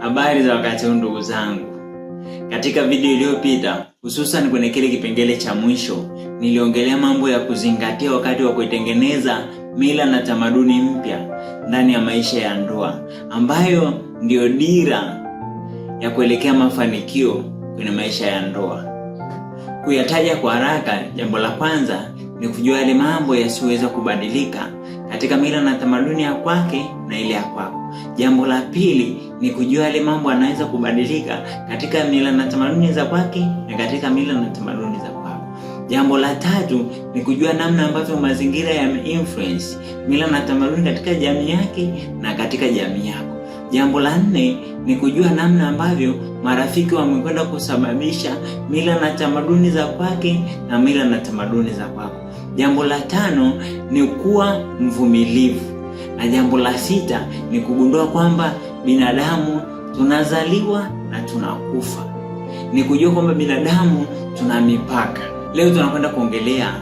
Habari za wakati huu ndugu zangu. Katika video iliyopita, hususan kwenye kile kipengele cha mwisho, niliongelea mambo ya kuzingatia wakati wa kuitengeneza mila na tamaduni mpya ndani ya maisha ya ndoa, ambayo ndiyo dira ya kuelekea mafanikio kwenye maisha ya ndoa. Kuyataja kwa haraka, jambo la kwanza ni kujua yale mambo yasiyoweza kubadilika katika mila na tamaduni ya kwake na ile ya kwako. Jambo la pili ni kujua yale mambo anaweza kubadilika katika mila na tamaduni za kwake na katika mila na tamaduni za kwako. Jambo la tatu ni kujua namna ambavyo mazingira yame influence mila na tamaduni katika jamii yake na katika jamii yako. Jambo la nne ni kujua namna ambavyo marafiki wamekwenda kusababisha mila na tamaduni za kwake na mila na tamaduni za kwako. Jambo la tano ni kuwa mvumilivu, na jambo la sita ni kugundua kwamba binadamu tunazaliwa na tunakufa. Ni kujua kwamba binadamu tuna mipaka. Leo tunakwenda kuongelea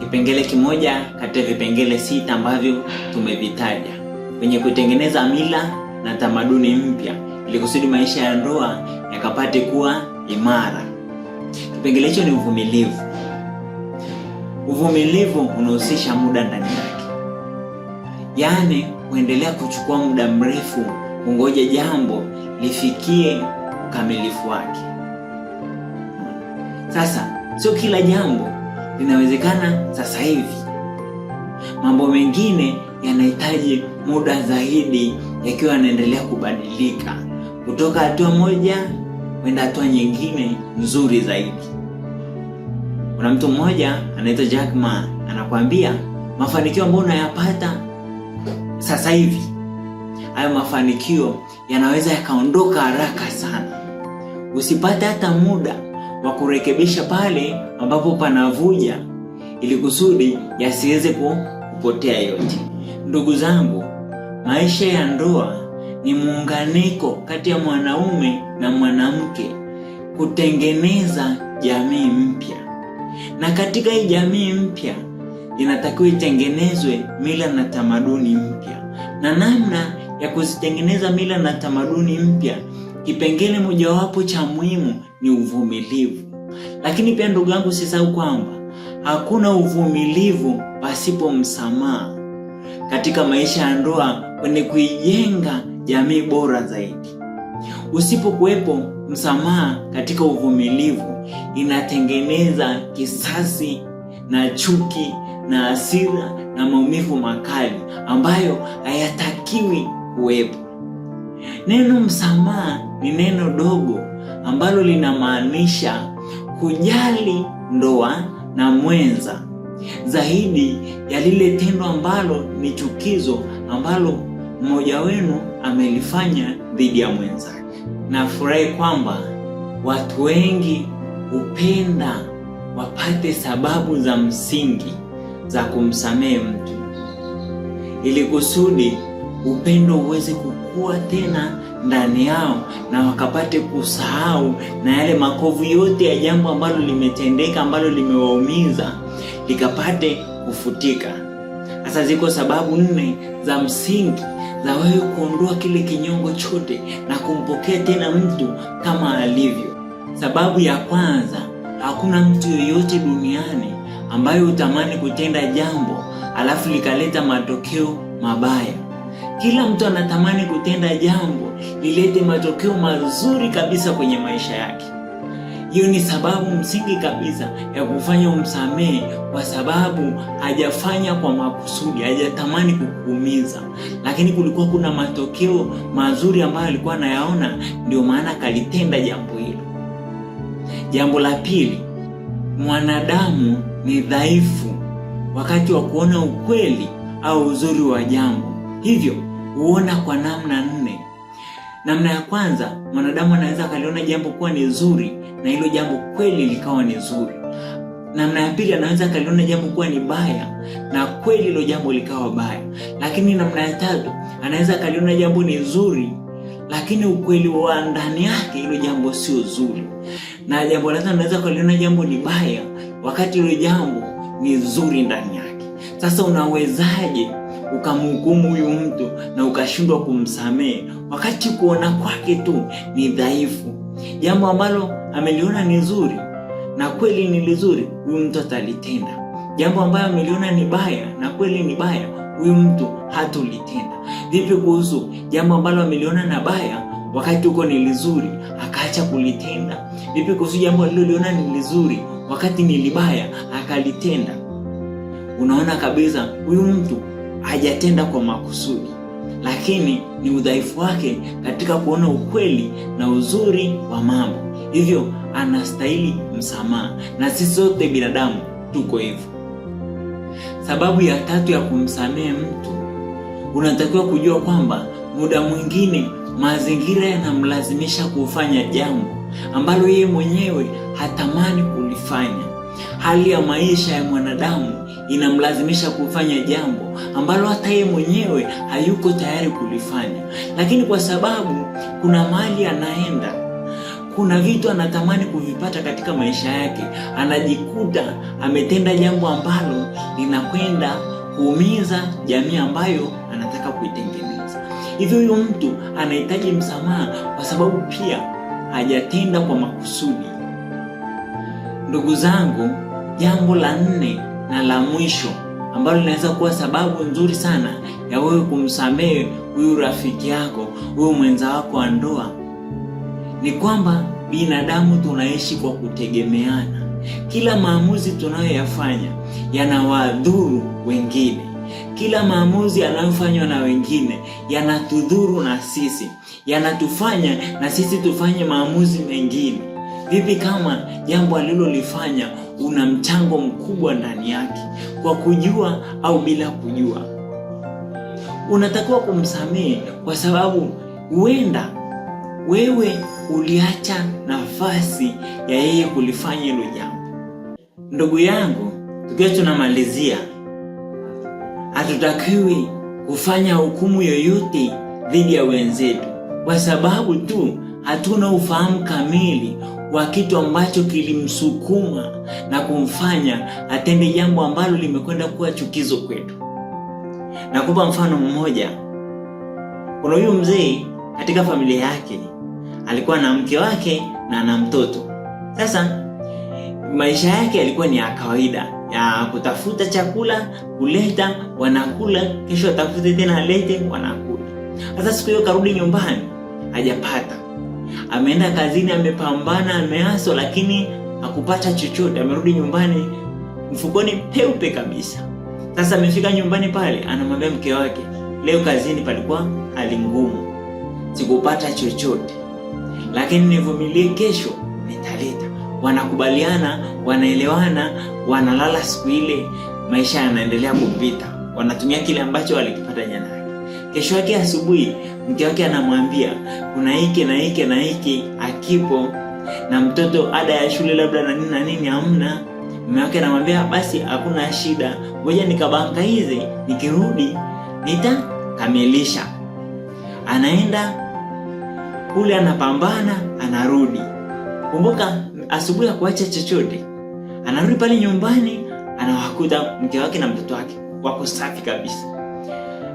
kipengele kimoja kati ya vipengele sita ambavyo tumevitaja kwenye kutengeneza mila na tamaduni mpya, ili kusudi maisha ya ndoa yakapate kuwa imara. Kipengele hicho ni uvumilivu. Uvumilivu unahusisha muda ndani yake, yaani kuendelea kuchukua muda mrefu kungoja jambo lifikie ukamilifu wake. Sasa sio kila jambo linawezekana sasa hivi, mambo mengine yanahitaji muda zaidi, yakiwa yanaendelea kubadilika kutoka hatua moja kwenda hatua nyingine nzuri zaidi. Kuna mtu mmoja anaitwa jackma anakuambia mafanikio ambayo unayapata sasa hivi haya mafanikio yanaweza yakaondoka haraka sana. Usipate hata muda wa kurekebisha pale ambapo panavuja, ili kusudi yasiweze kupotea yote. Ndugu zangu, maisha ya ndoa ni muunganiko kati ya mwanaume na mwanamke kutengeneza jamii mpya, na katika hii jamii mpya inatakiwa itengenezwe mila na tamaduni mpya na namna ya kuzitengeneza mila na tamaduni mpya, kipengele mojawapo cha muhimu ni uvumilivu. Lakini pia ndugu yangu, sisahau kwamba hakuna uvumilivu pasipo msamaha katika maisha ya ndoa kwenye kuijenga jamii bora zaidi. Usipokuwepo msamaha katika uvumilivu, inatengeneza kisasi na chuki na asira na maumivu makali ambayo hayatakiwi kuwepo. Neno msamaha ni neno dogo ambalo linamaanisha kujali ndoa na mwenza zaidi ya lile tendo ambalo ni chukizo ambalo mmoja wenu amelifanya dhidi ya mwenzake. Nafurahi kwamba watu wengi hupenda wapate sababu za msingi za kumsamehe mtu ili kusudi upendo uweze kukua tena ndani yao na wakapate kusahau na yale makovu yote ya jambo ambalo limetendeka ambalo limewaumiza likapate kufutika. Sasa ziko sababu nne za msingi za wewe kuondoa kile kinyongo chote na kumpokea tena mtu kama alivyo. Sababu ya kwanza, hakuna mtu yoyote duniani ambaye utamani kutenda jambo alafu likaleta matokeo mabaya. Kila mtu anatamani kutenda jambo lilete matokeo mazuri kabisa kwenye maisha yake. Hiyo ni sababu msingi kabisa ya kufanya umsamehe, kwa sababu hajafanya kwa makusudi, hajatamani kukuumiza, lakini kulikuwa kuna matokeo mazuri ambayo alikuwa anayaona, ndio maana akalitenda jambo hilo. Jambo la pili, mwanadamu ni dhaifu wakati wa kuona ukweli au uzuri wa jambo, hivyo huona kwa namna nne. Namna ya kwanza, mwanadamu anaweza akaliona jambo kuwa ni zuri na hilo jambo kweli likawa ni zuri. Namna ya pili, anaweza akaliona jambo kuwa ni baya na kweli hilo jambo likawa baya. Lakini namna ya tatu, anaweza akaliona jambo ni zuri lakini ukweli wa ndani yake hilo jambo sio zuri. Na jambo la anaweza unaweza jambo ni baya wakati hilo jambo ni zuri ndani yake. Sasa unawezaje ukamhukumu huyu mtu na ukashindwa kumsamehe, wakati kuona kwake tu ni dhaifu. Jambo ambalo ameliona ni nzuri na kweli ni lizuri, huyu mtu atalitenda. Jambo ambayo ameliona ni baya na kweli ni baya, huyu mtu hatulitenda. Vipi kuhusu jambo ambalo ameliona na baya wakati huko ni lizuri akaacha kulitenda? Vipi kuhusu jambo aliloliona ni lizuri wakati ni libaya akalitenda? Unaona kabisa huyu mtu hajatenda kwa makusudi, lakini ni udhaifu wake katika kuona ukweli na uzuri wa mambo, hivyo anastahili msamaha, na sisi sote binadamu tuko hivyo. Sababu ya tatu ya kumsamehe mtu, unatakiwa kujua kwamba muda mwingine mazingira yanamlazimisha kufanya jambo ambalo yeye mwenyewe hatamani kulifanya. Hali ya maisha ya mwanadamu inamlazimisha kufanya jambo ambalo hata yeye mwenyewe hayuko tayari kulifanya, lakini kwa sababu kuna mahali anaenda, kuna vitu anatamani kuvipata katika maisha yake, anajikuta ametenda jambo ambalo linakwenda kuumiza jamii ambayo anataka kuitengeneza. Hivyo huyu mtu anahitaji msamaha kwa sababu pia hajatenda kwa makusudi. Ndugu zangu, jambo la nne na la mwisho ambalo linaweza kuwa sababu nzuri sana ya wewe kumsamehe huyu rafiki yako, huyu mwenza wako wa ndoa, ni kwamba binadamu tunaishi kwa kutegemeana. Kila maamuzi tunayoyafanya yanawadhuru wengine. Kila maamuzi yanayofanywa na wengine yanatudhuru na sisi, yanatufanya na sisi tufanye maamuzi mengine. Vipi kama jambo alilolifanya una mchango mkubwa ndani yake, kwa kujua au bila kujua. Unatakiwa kumsamehe kwa sababu huenda wewe uliacha nafasi ya yeye kulifanya hilo jambo. Ndugu yangu, tukiwa tunamalizia, hatutakiwi kufanya hukumu yoyote dhidi ya wenzetu kwa sababu tu hatuna ufahamu kamili wa kitu ambacho kilimsukuma na kumfanya atende jambo ambalo limekwenda kuwa chukizo kwetu. Nakupa mfano mmoja. Kuna huyu mzee katika familia yake alikuwa na mke wake na na mtoto. Sasa maisha yake yalikuwa ni ya kawaida ya kutafuta chakula, kuleta, wanakula, kesho atafute tena alete, wanakula. Sasa siku hiyo karudi nyumbani, hajapata Ameenda kazini, amepambana, ameaso, lakini hakupata chochote. Amerudi nyumbani mfukoni peupe kabisa. Sasa amefika nyumbani pale, anamwambia mke wake, leo kazini palikuwa hali ngumu, sikupata chochote, lakini nivumilie, kesho nitaleta. Wanakubaliana, wanaelewana, wanalala siku ile, maisha yanaendelea kupita, wanatumia kile ambacho walikipata jana Kesho yake asubuhi mke wake anamwambia kuna hiki na hiki na hiki akipo na mtoto ada ya shule labda na nini na nini hamna. Mume wake anamwambia basi, hakuna shida, ngoja nikabanka hizi, nikirudi nitakamilisha. Anaenda kule, anapambana, anarudi. Kumbuka asubuhi ya kuacha chochote, anarudi pale nyumbani, anawakuta mke wake na mtoto wake wako safi kabisa,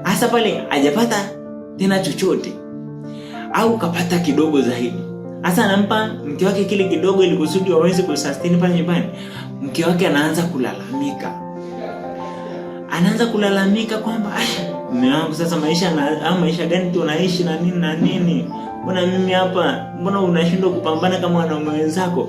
hasa pale ajapata tena chochote, au ukapata kidogo zaidi. Hasa anampa mke wake kile kidogo, ili kusudi waweze kusustain pale nyumbani. Mke wake anaanza kulalamika, anaanza kulalamika kwamba mume wangu, sasa maisha na, maisha gani tunaishi na nini na nini mbona mimi hapa mbona unashindwa kupambana kama wanaume wenzako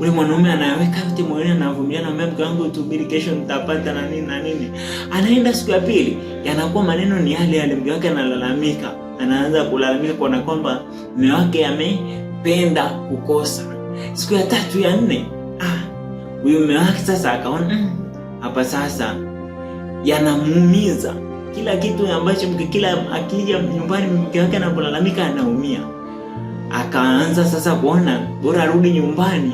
ule mwanaume anaweka yote moyoni anavumilia na mke wangu tuhubiri kesho nitapata na nini na nini anaenda siku ya pili yanakuwa maneno ni yale yale mke wake analalamika anaanza kulalamika kuona kwamba mume wake amependa kukosa siku ya tatu ya nne ah, huyu ah, mume wake sasa akaona mm, hapa sasa yanamuumiza kila kitu ambacho mke kila akija nyumbani mke wake anapolalamika anaumia Akaanza sasa kuona bora arudi nyumbani,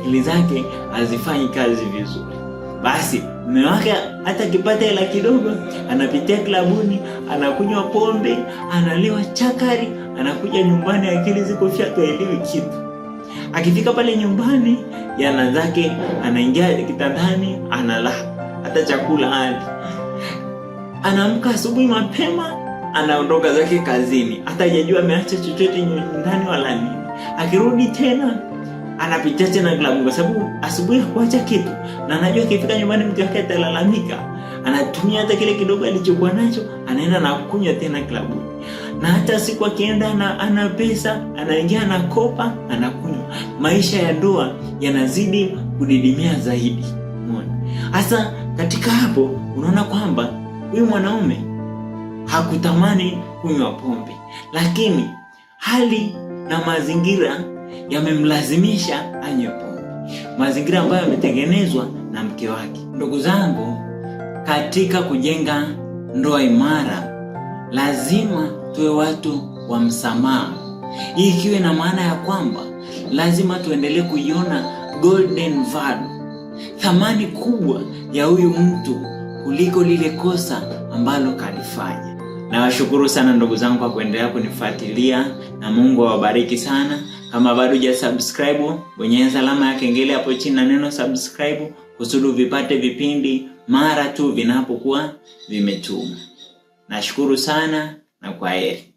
akili zake hazifanyi kazi vizuri. Basi mme wake hata akipata hela kidogo, anapitia klabuni, anakunywa pombe, analiwa chakari, anakuja nyumbani, akili ziko fyatu, kitu. Akifika pale nyumbani, jana zake anaingia kitandani, analaa hata chakula hadi. Anaamka asubuhi mapema anaondoka zake kazini, hata hajajua ameacha chochote ndani wala nini. Akirudi tena anapitia tena klabu, kwa sababu asubuhi hakuacha kitu, na anajua akifika nyumbani mtu wake atalalamika. Anatumia hata kile kidogo alichokuwa nacho, anaenda na kunywa tena klabu, na hata siku akienda ana, ana pesa anaingia, anakopa, anakunywa. Maisha ya ndoa yanazidi kudidimia zaidi. Umeona hasa katika hapo, unaona kwamba huyu mwanaume hakutamani kunywa pombe, lakini hali na mazingira yamemlazimisha anywe pombe, mazingira ambayo yametengenezwa na mke wake. Ndugu zangu, katika kujenga ndoa imara lazima tuwe watu wa msamaha. Hii ikiwe na maana ya kwamba lazima tuendelee kuiona golden thamani kubwa ya huyu mtu kuliko lile kosa ambalo kalifanya. Nawashukuru sana ndugu zangu kwa kuendelea kunifuatilia na Mungu awabariki sana. Kama bado hujasubscribe, bonyeza alama ya kengele hapo chini na neno subscribe kusudi vipate vipindi mara tu vinapokuwa vimetuma. Nashukuru sana na kwaheri.